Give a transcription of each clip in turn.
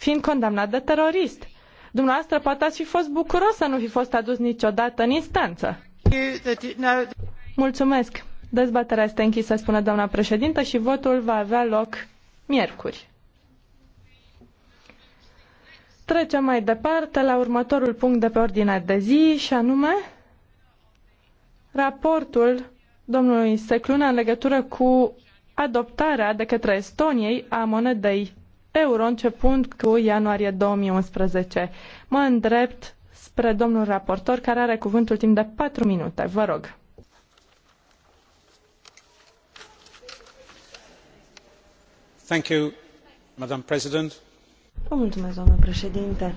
fiind condamnat de terorist. Dumneavoastră poate ați fi fost bucuros să nu fi fost adus niciodată în instanță. Mulțumesc. Dezbaterea este închisă, spune doamna președintă, și votul va avea loc miercuri. Trecem mai departe la următorul punct de pe ordinea de zi, și anume raportul domnului Secluna în legătură cu adoptarea de către Estoniei a monedei euro începând cu ianuarie 2011. Mă îndrept spre domnul raportor care are cuvântul timp de 4 minute. Vă rog. Thank you, Madam President. Vă mulțumesc, doamnă președinte.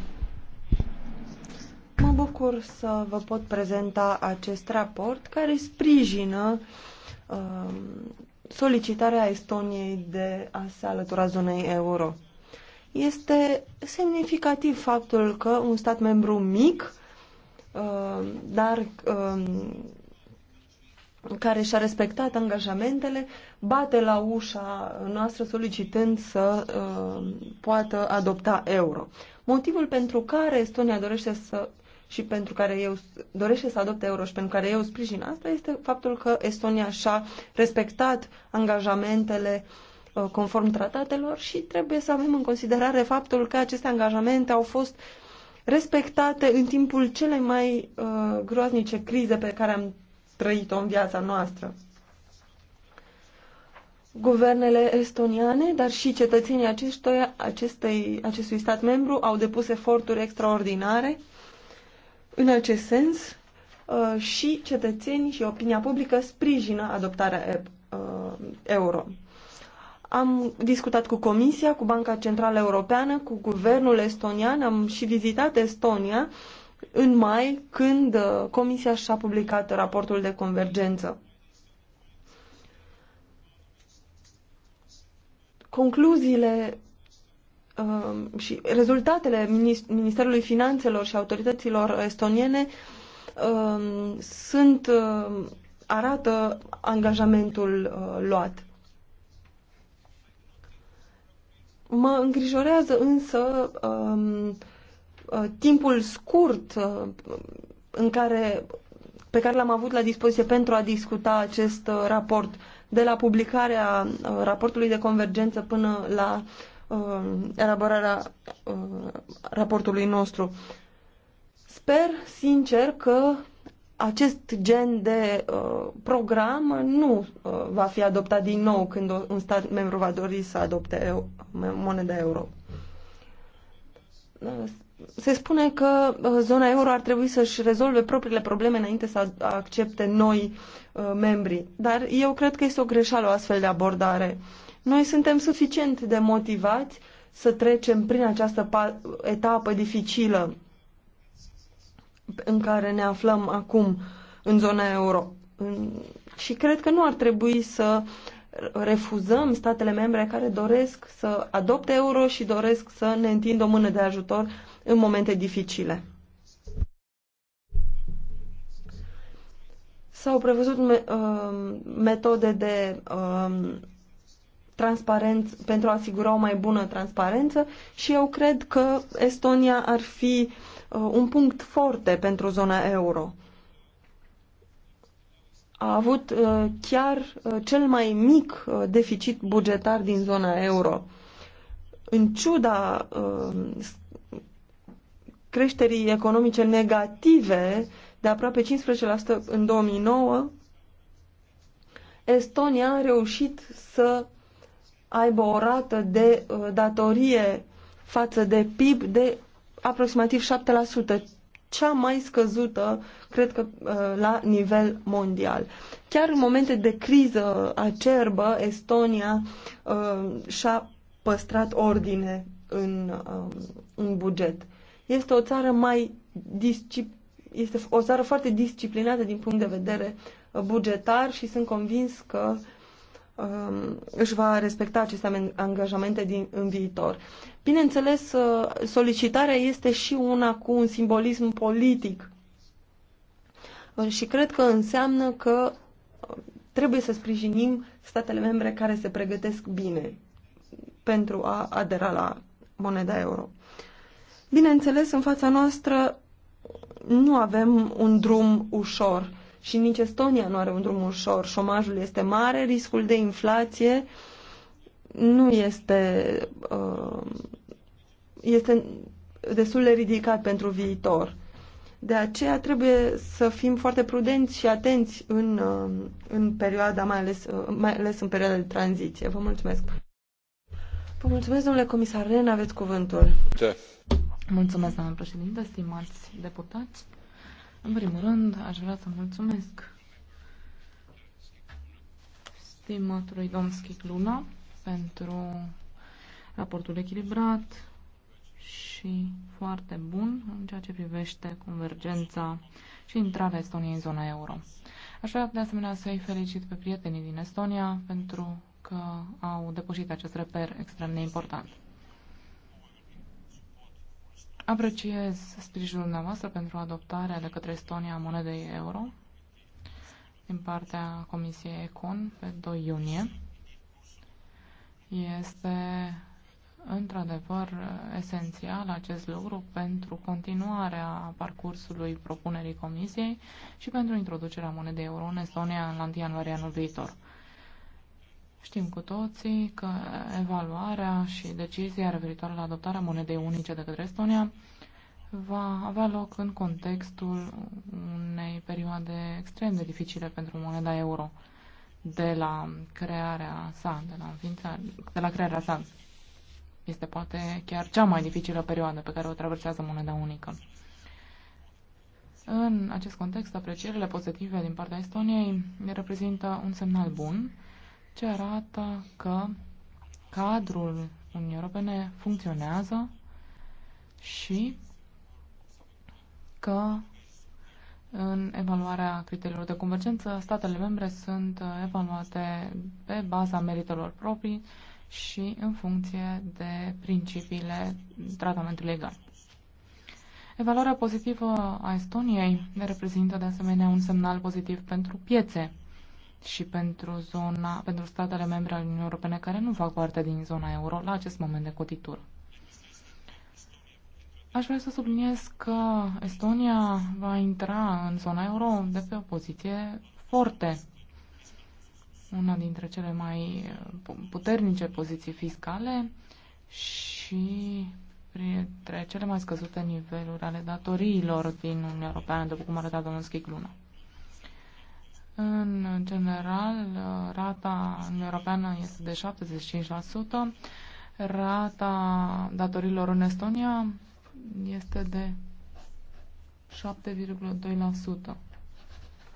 Mă bucur să vă pot prezenta acest raport care sprijină uh, solicitarea Estoniei de a se alătura zonei euro. Este semnificativ faptul că un stat membru mic, uh, dar uh, care și-a respectat angajamentele, bate la ușa noastră solicitând să uh, poată adopta euro. Motivul pentru care Estonia dorește să și pentru care eu dorește să adopte euro și pentru care eu sprijin asta este faptul că Estonia și-a respectat angajamentele uh, Uh, conform tratatelor și trebuie să avem în considerare faptul că aceste angajamente au fost respectate în timpul cele mai uh, groaznice crize pe care am trăit-o în viața noastră. Guvernele estoniane, dar și cetățenii acestui acestei, acestui stat membru au depus eforturi extraordinare în acest sens uh, și cetățenii și opinia publică sprijină adoptarea uh, euro. Am discutat cu Comisia, cu Banca Centrală Europeană, cu guvernul estonian, am și vizitat Estonia în mai, când uh, Comisia și-a publicat raportul de convergență. Concluziile um, și rezultatele Ministerului Finanțelor și autorităților estoniene um, sunt, um, arată angajamentul uh, luat Mă îngrijorează însă um, uh, timpul scurt uh, în care, pe care l-am avut la dispoziție pentru a discuta acest uh, raport, de la publicarea raportului de convergență până la uh, elaborarea uh, raportului nostru. Sper, sincer, că acest gen de uh, program nu uh, va fi adoptat din nou când o, un stat membru va dori să adopte eu, moneda euro. Uh, se spune că uh, zona euro ar trebui să-și rezolve propriile probleme înainte să accepte noi uh, membri, dar eu cred că este o greșeală o astfel de abordare. Noi suntem suficient de motivați să trecem prin această etapă dificilă în care ne aflăm acum în zona euro. Și cred că nu ar trebui să refuzăm statele membre care doresc să adopte euro și doresc să ne întindă o mână de ajutor în momente dificile. S-au prevăzut me uh, metode de uh, transparență pentru a asigura o mai bună transparență și eu cred că Estonia ar fi uh, Uh, un punct forte pentru zona euro. A avut uh, chiar uh, cel mai mic deficit bugetar din zona euro. În ciuda creșterii economice negative de aproape 15% în 2009, Estonia a reușit să aibă o rată de datorie față de PIB de aproximativ 7%, cea mai scăzută, cred că, uh, la nivel mondial. Chiar în momente de criză acerbă, Estonia uh, și-a păstrat ordine în, uh, în buget. Este o țară mai disciplinată este o țară foarte disciplinată din punct de vedere bugetar și sunt convins că uh, Um, își va respecta aceste angajamente din, în viitor. Bineînțeles, uh, solicitarea este și una cu un simbolism politic uh, și cred că înseamnă că uh, trebuie să sprijinim statele membre care se pregătesc bine pentru a adera la moneda euro. Bineînțeles, în fața noastră nu avem un drum ușor și nici Estonia nu are un drum ușor. Șomajul este mare, riscul de inflație nu este, uh, este destul de ridicat pentru viitor. De aceea trebuie să fim foarte prudenți și atenți în, uh, în perioada, mai ales, uh, mai ales în perioada de tranziție. Vă mulțumesc! Vă mulțumesc, domnule comisar Ren, aveți cuvântul. Da. Mulțumesc, doamnă președinte, stimați deputați. În primul rând, aș vrea să mulțumesc stimatului Domski Luna pentru raportul echilibrat și foarte bun în ceea ce privește convergența și intrarea Estoniei în zona euro. Aș vrea de asemenea să-i felicit pe prietenii din Estonia pentru că au depășit acest reper extrem de important. Apreciez sprijinul dumneavoastră pentru adoptarea de către Estonia a monedei euro din partea Comisiei Econ pe 2 iunie. Este într-adevăr esențial acest lucru pentru continuarea parcursului propunerii Comisiei și pentru introducerea monedei euro în Estonia în 1 ianuarie anul viitor. Știm cu toții că evaluarea și decizia referitoare la adoptarea monedei unice de către Estonia va avea loc în contextul unei perioade extrem de dificile pentru moneda euro de la crearea sa, de la, înființa, de la crearea sa. Este poate chiar cea mai dificilă perioadă pe care o traversează moneda unică. În acest context, aprecierile pozitive din partea Estoniei reprezintă un semnal bun ce arată că cadrul Uniunii Europene funcționează și că în evaluarea criteriilor de convergență, statele membre sunt evaluate pe baza meritelor proprii și în funcție de principiile tratamentului legal. Evaluarea pozitivă a Estoniei reprezintă de asemenea un semnal pozitiv pentru piețe și pentru, zona, pentru statele membre ale Uniunii Europene care nu fac parte din zona euro la acest moment de cotitură. Aș vrea să subliniez că Estonia va intra în zona euro de pe o poziție forte, una dintre cele mai puternice poziții fiscale și printre cele mai scăzute niveluri ale datoriilor din Uniunea Europeană, după cum arăta domnul Schicluna. În general, rata în europeană este de 75%, rata datorilor în Estonia este de 7,2%.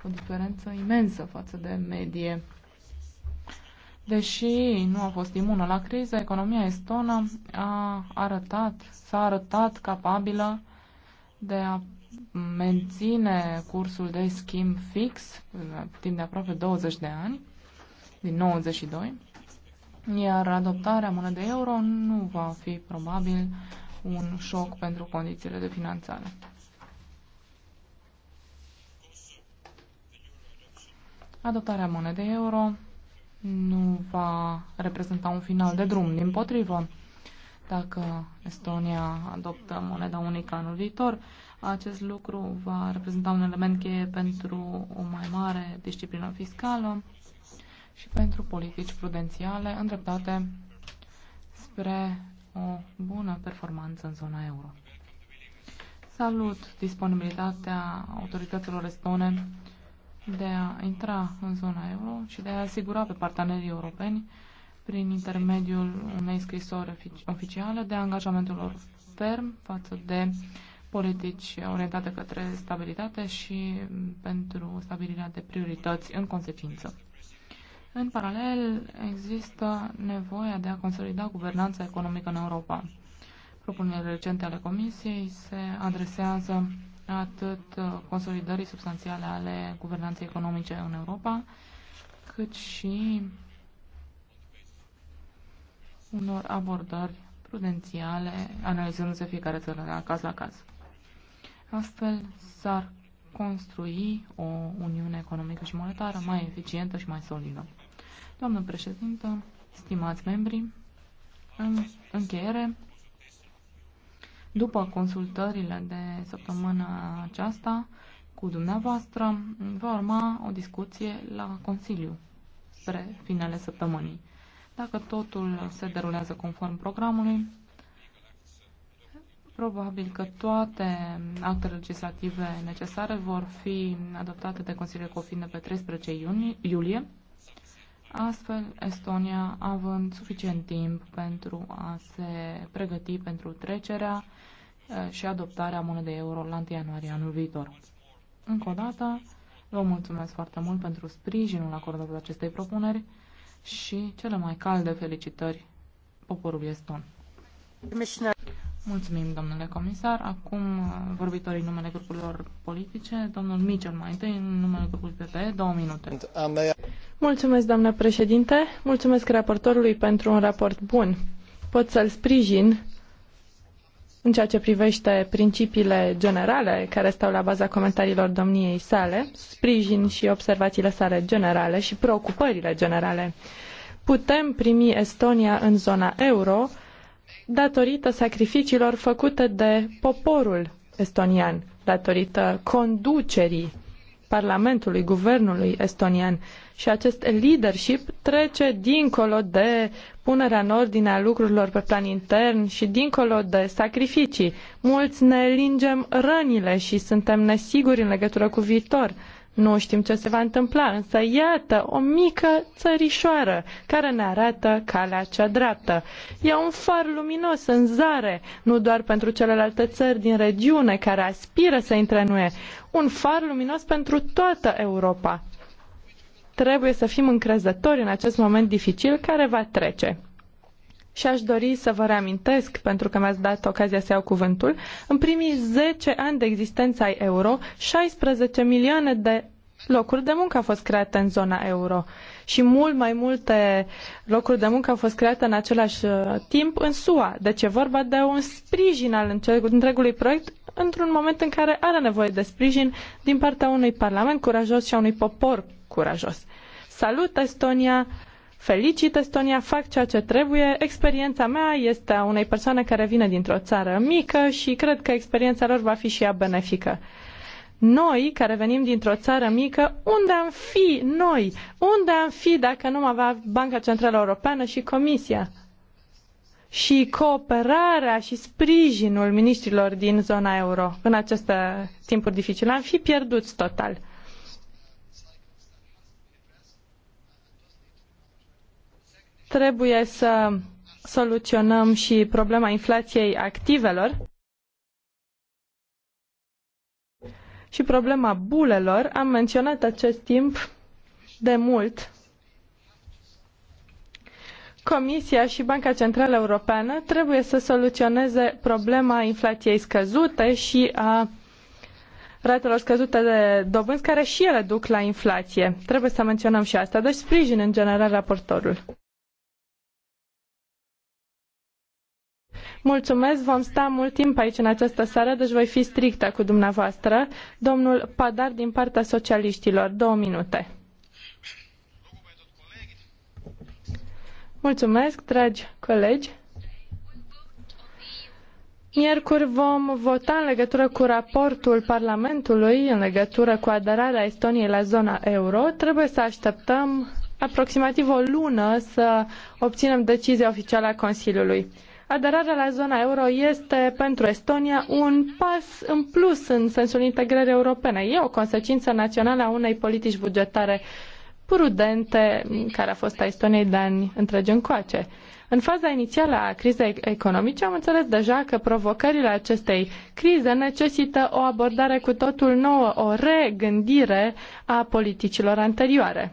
O diferență imensă față de medie. Deși nu a fost imună la criză, economia estonă a arătat, s-a arătat capabilă de a menține cursul de schimb fix timp de aproape 20 de ani, din 92, iar adoptarea monedei euro nu va fi probabil un șoc pentru condițiile de finanțare. Adoptarea monedei euro nu va reprezenta un final de drum, din potrivă. Dacă Estonia adoptă moneda unică anul viitor, acest lucru va reprezenta un element cheie pentru o mai mare disciplină fiscală și pentru politici prudențiale îndreptate spre o bună performanță în zona euro. Salut disponibilitatea autorităților estone de a intra în zona euro și de a asigura pe partenerii europeni prin intermediul unei scrisori oficiale de angajamentul lor ferm față de politici orientate către stabilitate și pentru stabilirea de priorități în consecință. În paralel, există nevoia de a consolida guvernanța economică în Europa. Propunerile recente ale Comisiei se adresează atât consolidării substanțiale ale guvernanței economice în Europa, cât și unor abordări prudențiale, analizându-se fiecare țară la caz la caz. Astfel s-ar construi o uniune economică și monetară mai eficientă și mai solidă. Doamnă președintă, stimați membri, în încheiere, după consultările de săptămâna aceasta cu dumneavoastră, va urma o discuție la Consiliu spre finele săptămânii. Dacă totul se derulează conform programului, probabil că toate actele legislative necesare vor fi adoptate de Consiliul Cofin pe 13 iunie, iulie, astfel Estonia având suficient timp pentru a se pregăti pentru trecerea eh, și adoptarea monedei euro la 1 ianuarie anul viitor. Încă o dată, vă mulțumesc foarte mult pentru sprijinul acordat acestei propuneri și cele mai calde felicitări poporului eston. Mulțumim, domnule comisar. Acum, uh, vorbitorii numele grupurilor politice, domnul Michel mai întâi, în numele grupului PPE, două minute. Mulțumesc, doamnă președinte. Mulțumesc raportorului pentru un raport bun. Pot să-l sprijin în ceea ce privește principiile generale care stau la baza comentariilor domniei sale, sprijin și observațiile sale generale și preocupările generale. Putem primi Estonia în zona euro datorită sacrificiilor făcute de poporul estonian, datorită conducerii Parlamentului, Guvernului estonian și acest leadership trece dincolo de punerea în ordine a lucrurilor pe plan intern și dincolo de sacrificii. Mulți ne lingem rănile și suntem nesiguri în legătură cu viitor. Nu știm ce se va întâmpla, însă iată o mică țărișoară care ne arată calea cea dreaptă. E un far luminos în zare, nu doar pentru celelalte țări din regiune care aspiră să intre în UE, un far luminos pentru toată Europa. Trebuie să fim încrezători în acest moment dificil care va trece și aș dori să vă reamintesc, pentru că mi-ați dat ocazia să iau cuvântul, în primii 10 ani de existență ai euro, 16 milioane de locuri de muncă au fost create în zona euro și mult mai multe locuri de muncă au fost create în același uh, timp în SUA. Deci e vorba de un sprijin al întregului proiect într-un moment în care are nevoie de sprijin din partea unui parlament curajos și a unui popor curajos. Salut Estonia, felicit Estonia, fac ceea ce trebuie. Experiența mea este a unei persoane care vine dintr-o țară mică și cred că experiența lor va fi și ea benefică. Noi, care venim dintr-o țară mică, unde am fi noi? Unde am fi dacă nu am avea Banca Centrală Europeană și Comisia? și cooperarea și sprijinul ministrilor din zona euro în aceste timpuri dificile. Am fi pierduți total. Trebuie să soluționăm și problema inflației activelor și problema bulelor. Am menționat acest timp de mult. Comisia și Banca Centrală Europeană trebuie să soluționeze problema inflației scăzute și a ratelor scăzute de dobânzi, care și ele duc la inflație. Trebuie să menționăm și asta. Deci sprijin în general raportorul. Mulțumesc, vom sta mult timp aici în această seară, deci voi fi strictă cu dumneavoastră. Domnul Padar din partea socialiștilor, două minute. Mulțumesc, dragi colegi. Miercuri vom vota în legătură cu raportul Parlamentului în legătură cu aderarea Estoniei la zona euro. Trebuie să așteptăm aproximativ o lună să obținem decizia oficială a Consiliului. Aderarea la zona euro este pentru Estonia un pas în plus în sensul integrării europene. E o consecință națională a unei politici bugetare prudente care a fost a Estoniei de ani întregi încoace. În faza inițială a crizei economice am înțeles deja că provocările acestei crize necesită o abordare cu totul nouă, o regândire a politicilor anterioare.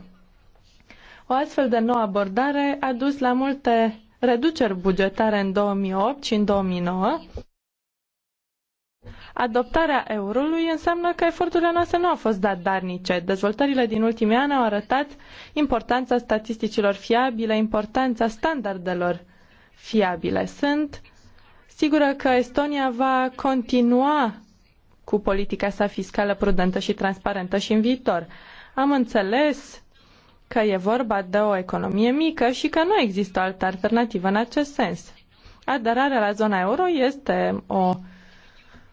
O astfel de nouă abordare a dus la multe reduceri bugetare în 2008 și în 2009. Adoptarea eurului înseamnă că eforturile noastre nu au fost darnice. Dezvoltările din ultimii ani au arătat importanța statisticilor fiabile, importanța standardelor fiabile. Sunt sigură că Estonia va continua cu politica sa fiscală prudentă și transparentă și în viitor. Am înțeles că e vorba de o economie mică și că nu există altă alternativă în acest sens. Aderarea la zona euro este o,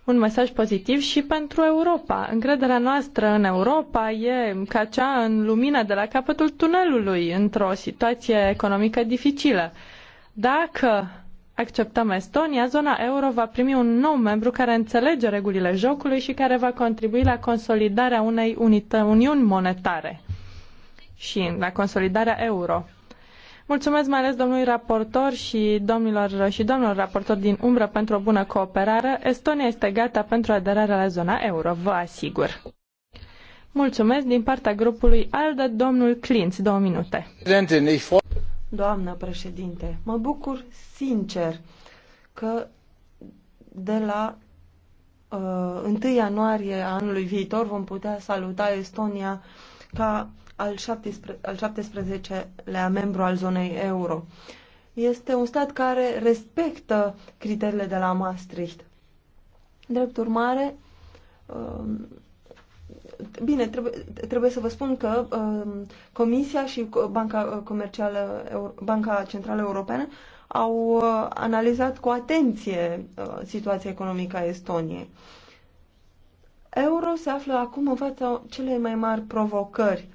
un mesaj pozitiv și pentru Europa. Încrederea noastră în Europa e ca cea în lumina de la capătul tunelului, într-o situație economică dificilă. Dacă acceptăm Estonia, zona euro va primi un nou membru care înțelege regulile jocului și care va contribui la consolidarea unei unită, uniuni monetare și la consolidarea euro. Mulțumesc mai ales domnului raportor și domnilor și domnilor raportor din umbră pentru o bună cooperare. Estonia este gata pentru aderarea la zona euro, vă asigur. Mulțumesc din partea grupului ALDE, domnul Clinț, două minute. Doamnă președinte, mă bucur sincer că de la uh, 1 ianuarie anului viitor vom putea saluta Estonia ca al, 17, al 17-lea membru al zonei euro. Este un stat care respectă criteriile de la Maastricht. Drept urmare, um, bine, trebuie, trebuie să vă spun că um, Comisia și Banca, Comercială, Banca Centrală Europeană au uh, analizat cu atenție uh, situația economică a Estoniei. Euro se află acum în fața celei mai mari provocări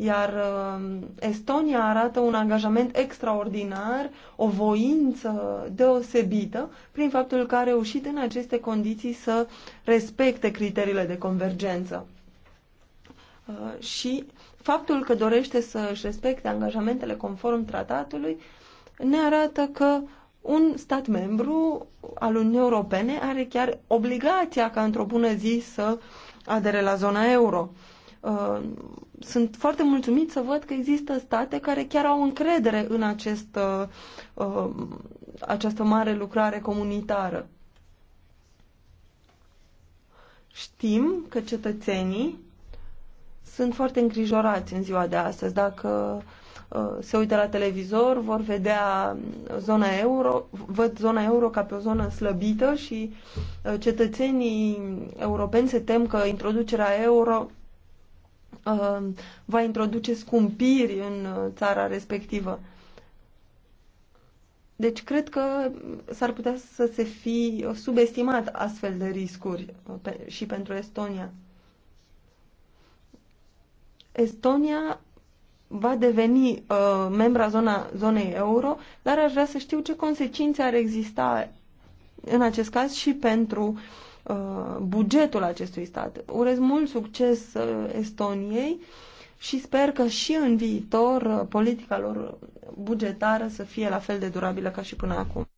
iar uh, Estonia arată un angajament extraordinar, o voință deosebită prin faptul că a reușit în aceste condiții să respecte criteriile de convergență. Uh, și faptul că dorește să își respecte angajamentele conform tratatului ne arată că un stat membru al Uniunii Europene are chiar obligația ca într-o bună zi să adere la zona euro. Uh, sunt foarte mulțumit să văd că există state care chiar au încredere în acest, uh, uh, această mare lucrare comunitară. Știm că cetățenii sunt foarte îngrijorați în ziua de astăzi. Dacă uh, se uită la televizor, vor vedea zona euro, văd zona euro ca pe o zonă slăbită și uh, cetățenii europeni se tem că introducerea euro Uh, va introduce scumpiri în uh, țara respectivă. Deci cred că s-ar putea să se fi subestimat astfel de riscuri uh, și pentru Estonia. Estonia va deveni uh, membra zona, zonei euro, dar aș vrea să știu ce consecințe ar exista în acest caz și pentru Uh, bugetul acestui stat. Urez mult succes uh, Estoniei și sper că și în viitor uh, politica lor bugetară să fie la fel de durabilă ca și până acum.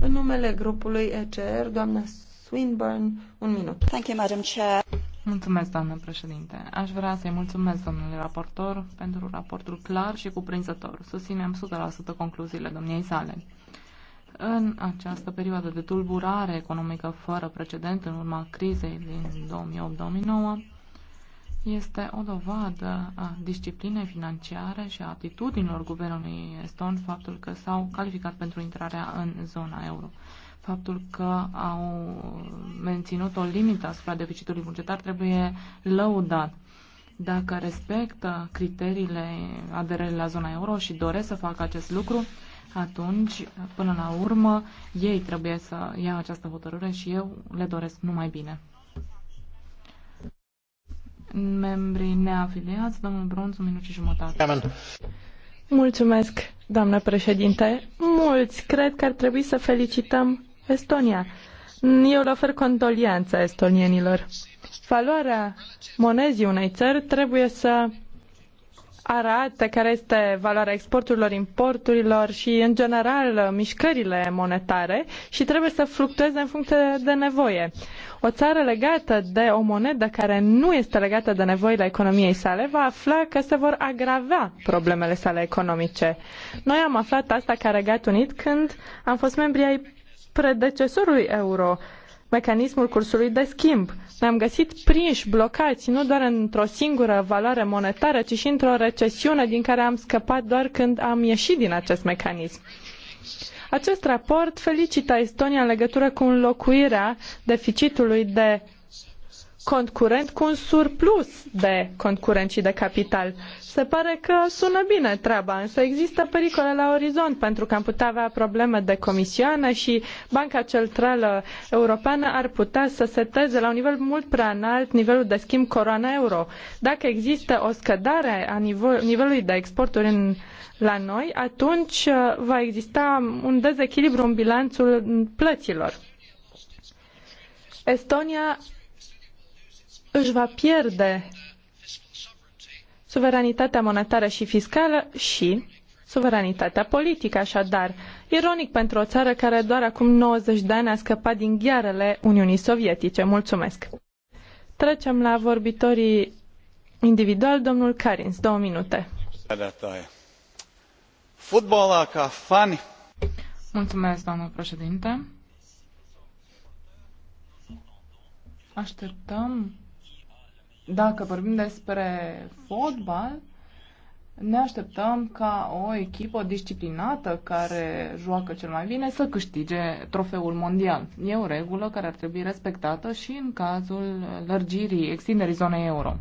În numele grupului ECR, doamna Swinburne, un minut. Thank you, Madam Chair. Mulțumesc, doamnă președinte. Aș vrea să-i mulțumesc domnule raportor pentru raportul clar și cuprinzător. Susținem 100% concluziile domniei sale. În această perioadă de tulburare economică fără precedent în urma crizei din 2008-2009, este o dovadă a disciplinei financiare și a atitudinilor guvernului eston faptul că s-au calificat pentru intrarea în zona euro. Faptul că au menținut o limită asupra deficitului bugetar trebuie lăudat. Dacă respectă criteriile aderării la zona euro și doresc să facă acest lucru, atunci, până la urmă, ei trebuie să ia această hotărâre și eu le doresc numai bine. Membrii neafiliați, domnul Bronț, un minut și jumătate. Amen. Mulțumesc, doamnă președinte. Mulți cred că ar trebui să felicităm Estonia. Eu le ofer condolianța estonienilor. Valoarea monezii unei țări trebuie să arată care este valoarea exporturilor, importurilor și, în general, mișcările monetare și trebuie să fluctueze în funcție de nevoie. O țară legată de o monedă care nu este legată de nevoile economiei sale va afla că se vor agrava problemele sale economice. Noi am aflat asta ca Regat Unit când am fost membri ai predecesorului euro mecanismul cursului de schimb. Ne-am găsit prinși, blocați, nu doar într-o singură valoare monetară, ci și într-o recesiune din care am scăpat doar când am ieșit din acest mecanism. Acest raport felicită Estonia în legătură cu înlocuirea deficitului de cont curent cu un surplus de cont curent și de capital. Se pare că sună bine treaba, însă există pericole la orizont pentru că am putea avea probleme de comisioane și Banca Centrală Europeană ar putea să seteze la un nivel mult prea înalt nivelul de schimb coroana euro. Dacă există o scădere a nivelului de exporturi în, la noi, atunci uh, va exista un dezechilibru în bilanțul plăților. Estonia își va pierde suveranitatea monetară și fiscală și suveranitatea politică, așadar. Ironic pentru o țară care doar acum 90 de ani a scăpat din ghearele Uniunii Sovietice. Mulțumesc! Trecem la vorbitorii individual, domnul Carins, două minute. Fotbala ca fani. Mulțumesc, doamnă președinte. Așteptăm dacă vorbim despre fotbal, ne așteptăm ca o echipă disciplinată care joacă cel mai bine să câștige trofeul mondial. E o regulă care ar trebui respectată și în cazul lărgirii, extinderii zonei euro.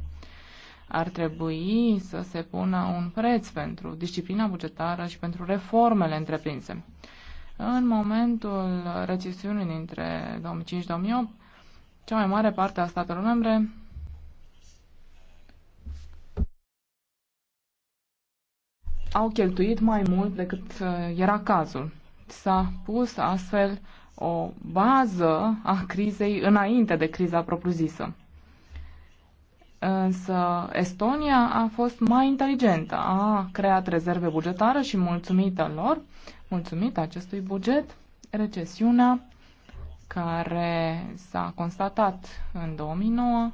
Ar trebui să se pună un preț pentru disciplina bugetară și pentru reformele întreprinse. În momentul recesiunii dintre 2005-2008, cea mai mare parte a statelor membre au cheltuit mai mult decât uh, era cazul. S-a pus astfel o bază a crizei înainte de criza propriu-zisă. Însă Estonia a fost mai inteligentă, a creat rezerve bugetare și mulțumită lor, mulțumită acestui buget, recesiunea care s-a constatat în 2009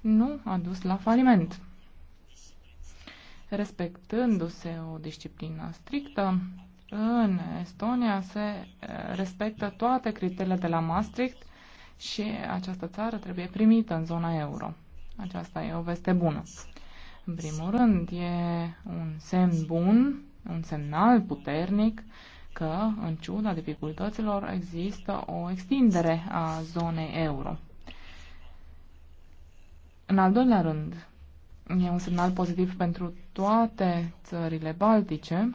nu a dus la faliment respectându-se o disciplină strictă. În Estonia se eh, respectă toate criteriile de la Maastricht și această țară trebuie primită în zona euro. Aceasta e o veste bună. În primul rând, e un semn bun, un semnal puternic că, în ciuda dificultăților, există o extindere a zonei euro. În al doilea rând, E un semnal pozitiv pentru toate țările baltice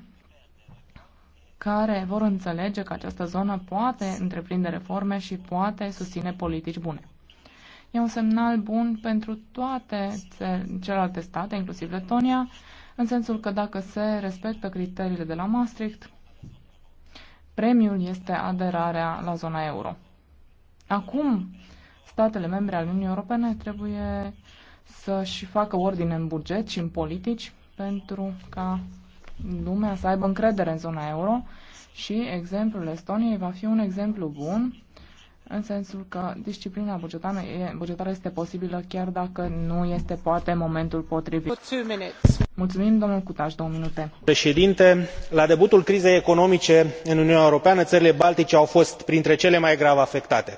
care vor înțelege că această zonă poate întreprinde reforme și poate susține politici bune. E un semnal bun pentru toate celelalte state, inclusiv Letonia, în sensul că dacă se respectă criteriile de la Maastricht, premiul este aderarea la zona euro. Acum, statele membre ale Uniunii Europene trebuie să-și facă ordine în buget și în politici pentru ca lumea să aibă încredere în zona euro și exemplul Estoniei va fi un exemplu bun în sensul că disciplina bugetară, bugetară este posibilă chiar dacă nu este poate momentul potrivit. Mulțumim, domnul Cutaș, două minute. Președinte, la debutul crizei economice în Uniunea Europeană, țările Baltice au fost printre cele mai grav afectate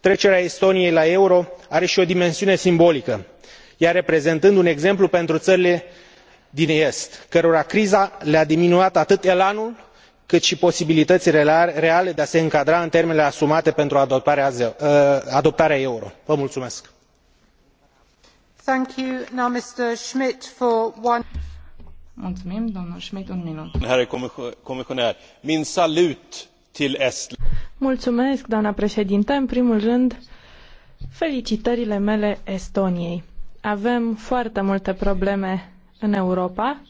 trecerea estoniei la euro are i o dimensiune simbolică ea reprezentând un exemplu pentru ările din est cărora criza le a diminuat atât elanul cât i posibilităile reale de a se încadra în termenele asumate pentru adoptarea uh, euro. min salut Mulțumesc, În primul rând, felicitările mele Estoniei. Avem foarte multe probleme în Europa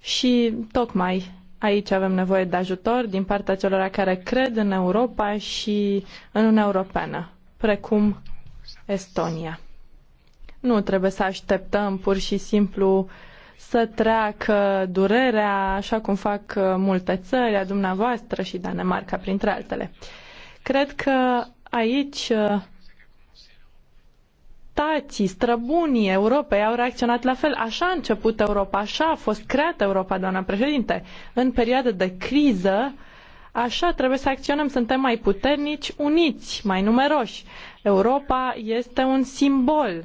și tocmai aici avem nevoie de ajutor din partea celor care cred în Europa și în Uniunea Europeană, precum Estonia. Nu trebuie să așteptăm pur și simplu uh, să treacă durerea, așa cum fac uh, multe țări, a dumneavoastră și Danemarca, printre altele. Cred că aici uh, tații, străbunii Europei au reacționat la fel. Așa a început Europa, așa a fost creată Europa, doamna președinte. În perioada de criză, așa trebuie să acționăm, suntem mai puternici, uniți, mai numeroși. Europa este un simbol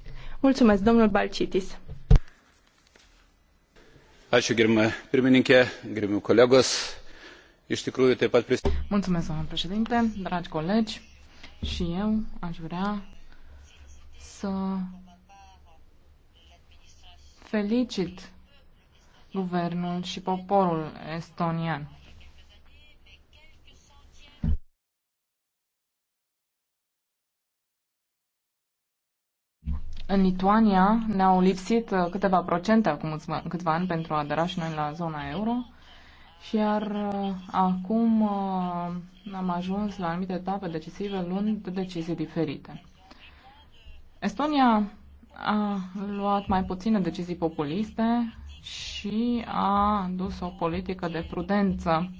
Mulțumesc, domnul Balcitis. Ačiū, gerbime pirmininkė, gerbimi kolegos. Iš tikrųjų, taip pat pris... Mulțumesc, domnul președinte, dragi colegi. Și eu aș vrea să felicit guvernul și poporul estonian. În Lituania ne-au lipsit uh, câteva procente acum câțiva ani pentru a adera și noi la zona euro. Și iar uh, acum uh, am ajuns la anumite etape decisive luând decizii diferite. Estonia a luat mai puține decizii populiste și a dus o politică de prudență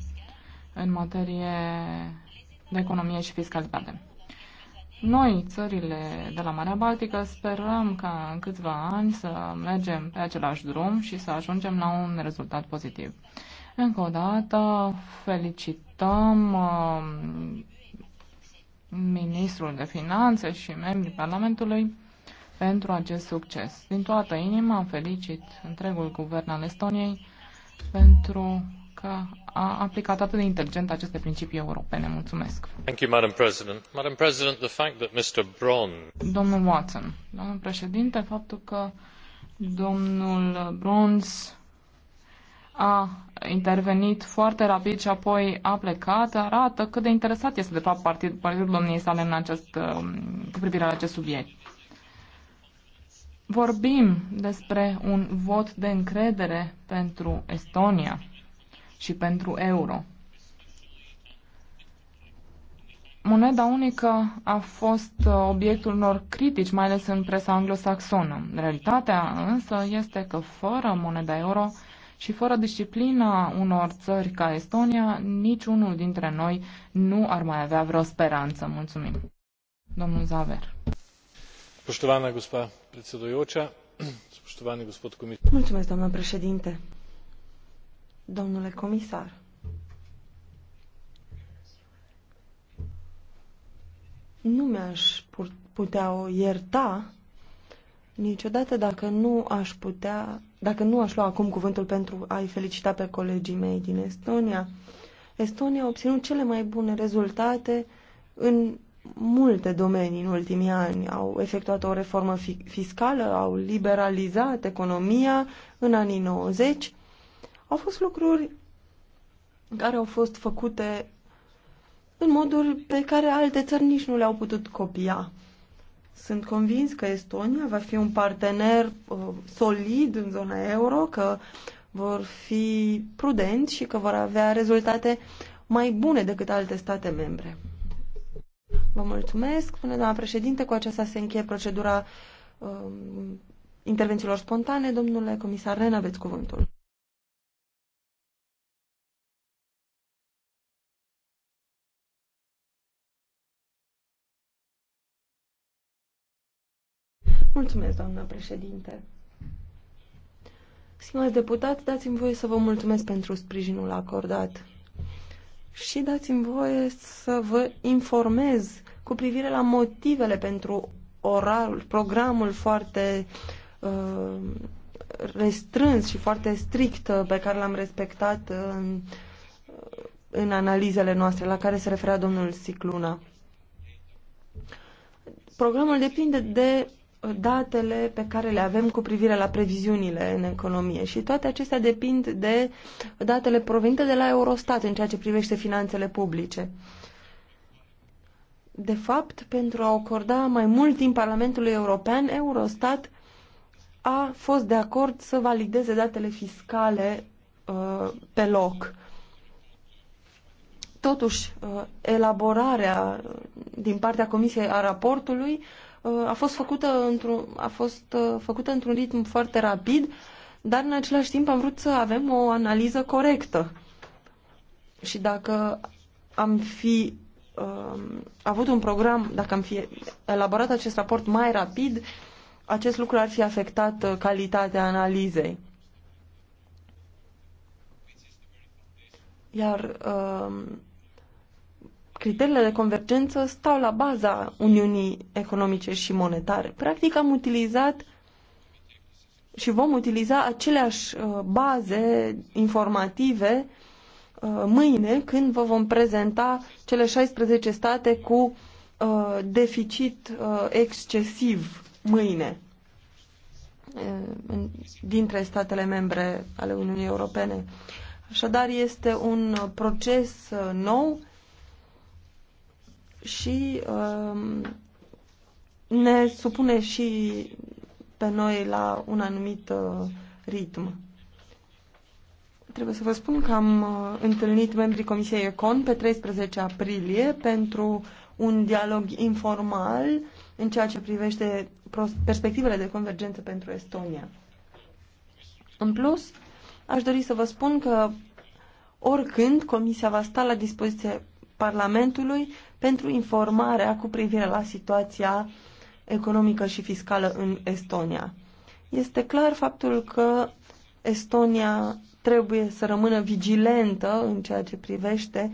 în materie de economie și fiscalitate. Noi, țările de la Marea Baltică, sperăm ca în câțiva ani să mergem pe același drum și să ajungem la un rezultat pozitiv. Încă o dată, felicităm um, ministrul de finanțe și membrii Parlamentului pentru acest succes. Din toată inima felicit întregul guvern al Estoniei pentru că a aplicat atât de inteligent aceste principii europene. Mulțumesc. Thank you, Madam President. Madam President, the fact that Mr. Braun... Domnul Watson, domnul președinte, faptul că domnul Bronz a intervenit foarte rapid și apoi a plecat, arată cât de interesat este de fapt partid, partidul domniei sale în acest, um, cu privire la acest subiect. Vorbim despre un vot de încredere pentru Estonia și pentru euro. Moneda unică a fost uh, obiectul unor critici, mai ales în presa anglosaxonă. Realitatea însă este că fără moneda euro și fără disciplina unor țări ca Estonia, niciunul dintre noi nu ar mai avea vreo speranță. Mulțumim. Domnul Zaver. Poștovana gospa comisar. Mulțumesc, doamnă președinte domnule comisar. Nu mi-aș putea o ierta niciodată dacă nu aș putea, dacă nu aș lua acum cuvântul pentru a-i felicita pe colegii mei din Estonia. Estonia a obținut cele mai bune rezultate în multe domenii în ultimii ani. Au efectuat o reformă fiscală, au liberalizat economia în anii 90 au fost lucruri care au fost făcute în moduri pe care alte țări nici nu le-au putut copia. Sunt convins că Estonia va fi un partener uh, solid în zona euro, că vor fi prudenți și că vor avea rezultate mai bune decât alte state membre. Vă mulțumesc. Până doamna președinte, cu aceasta se încheie procedura uh, intervențiilor spontane. Domnule comisar Ren, aveți cuvântul. Mulțumesc, doamnă președinte. Stimați deputați, dați-mi voie să vă mulțumesc pentru sprijinul acordat și dați-mi voie să vă informez cu privire la motivele pentru oral, programul foarte uh, restrâns și foarte strict uh, pe care l-am respectat uh, în, în analizele noastre la care se referea domnul Sicluna. Programul depinde de datele pe care le avem cu privire la previziunile în economie și toate acestea depind de datele provenite de la Eurostat în ceea ce privește finanțele publice. De fapt, pentru a acorda mai mult timp Parlamentului European, Eurostat a fost de acord să valideze datele fiscale uh, pe loc. Totuși, uh, elaborarea uh, din partea Comisiei a raportului uh, Uh, a fost făcută într-un, a fost uh, făcută într-un ritm foarte rapid, dar în același timp am vrut să avem o analiză corectă. Și dacă am fi uh, avut un program, dacă am fi elaborat acest raport mai rapid, acest lucru ar fi afectat uh, calitatea analizei. Iar uh, criteriile de convergență stau la baza Uniunii Economice și Monetare. Practic am utilizat și vom utiliza aceleași uh, baze informative uh, mâine când vă vom prezenta cele 16 state cu uh, deficit excesiv mâine dintre statele membre ale Uniunii Europene. Așadar, este un proces nou și um, ne supune și pe noi la un anumit uh, ritm. Trebuie să vă spun că am uh, întâlnit membrii Comisiei Econ pe 13 aprilie pentru un dialog informal în ceea ce privește perspectivele de convergență pentru Estonia. În plus, aș dori să vă spun că oricând Comisia va sta la dispoziție Parlamentului pentru informarea cu privire la situația economică și fiscală în Estonia. Este clar faptul că Estonia trebuie să rămână vigilentă în ceea ce privește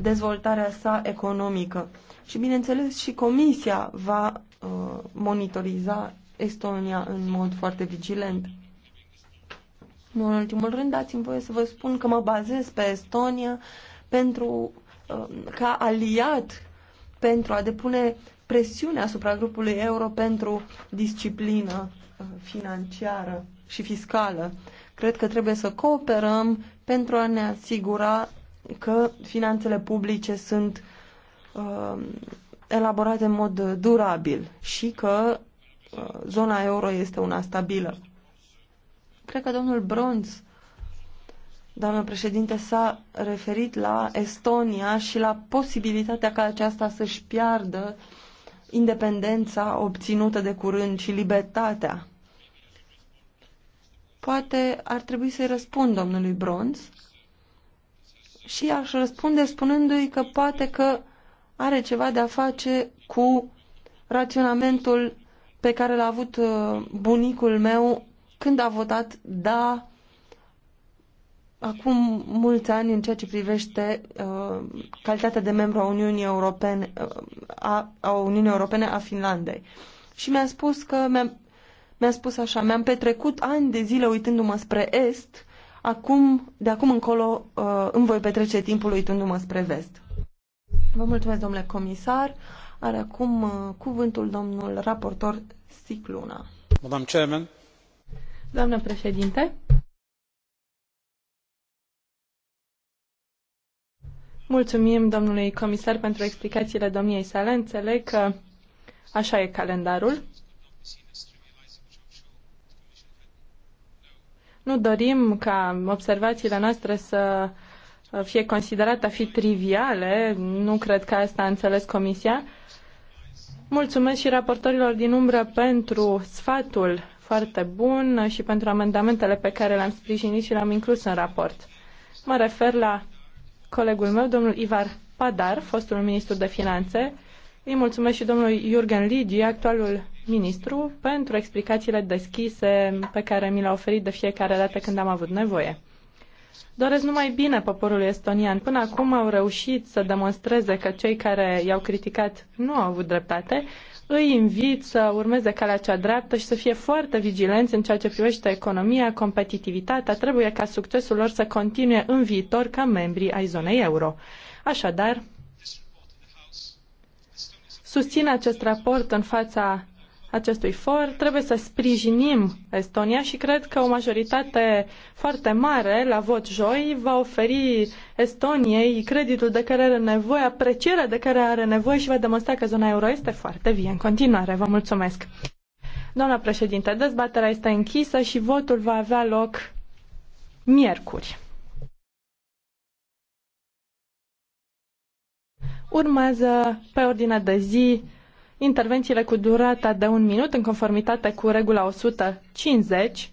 dezvoltarea sa economică. Și, bineînțeles, și Comisia va uh, monitoriza Estonia în mod foarte vigilent. Nu în ultimul rând, dați-mi voie să vă spun că mă bazez pe Estonia pentru Um, ca aliat pentru a depune presiune asupra grupului euro pentru disciplină uh, financiară și fiscală. Cred că trebuie să cooperăm pentru a ne asigura că finanțele publice sunt uh, elaborate în mod durabil și că uh, zona euro este una stabilă. Cred că domnul Bronz doamna președinte, s-a referit la Estonia și la posibilitatea ca aceasta să-și piardă independența obținută de curând și libertatea. Poate ar trebui să-i răspund domnului Bronz și aș răspunde spunându-i că poate că are ceva de a face cu raționamentul pe care l-a avut uh, bunicul meu când a votat da acum mulți ani în ceea ce privește uh, calitatea de membru a Uniunii Europene, uh, a, a Uniunii Europene a Finlandei. Și mi-a spus că mi-a, mi spus așa, mi-am petrecut ani de zile uitându-mă spre est, acum, de acum încolo uh, îmi voi petrece timpul uitându-mă spre vest. Vă mulțumesc, domnule comisar. Are acum uh, cuvântul domnul raportor Sicluna. Madam Chairman. președinte, Mulțumim domnului comisar pentru explicațiile domniei sale. Înțeleg că așa e calendarul. Nu dorim ca observațiile noastre să fie considerate a fi triviale. Nu cred că asta a înțeles Comisia. Mulțumesc și raportorilor din umbră pentru sfatul foarte bun și pentru amendamentele pe care le-am sprijinit și le-am inclus în raport. Mă refer la colegul meu, domnul Ivar Padar, fostul ministru de finanțe. Îi mulțumesc și domnului Jurgen Ligi, actualul ministru, pentru explicațiile deschise pe care mi le-a oferit de fiecare dată când am avut nevoie. Doresc numai bine poporului estonian. Până acum au reușit să demonstreze că cei care i-au criticat nu au avut dreptate îi invit să urmeze calea cea dreaptă și să fie foarte vigilenți în ceea ce privește economia, competitivitatea. Trebuie ca succesul lor să continue în viitor ca membri ai zonei euro. Așadar, susțin acest raport în fața acestui for. Trebuie să sprijinim Estonia și cred că o majoritate foarte mare la vot joi va oferi Estoniei creditul de care are nevoie, aprecierea de care are nevoie și va demonstra că zona euro este foarte vie în continuare. Vă mulțumesc! Doamna președinte, dezbaterea este închisă și votul va avea loc miercuri. Urmează pe ordinea de zi intervențiile cu durata de un minut în conformitate cu regula 150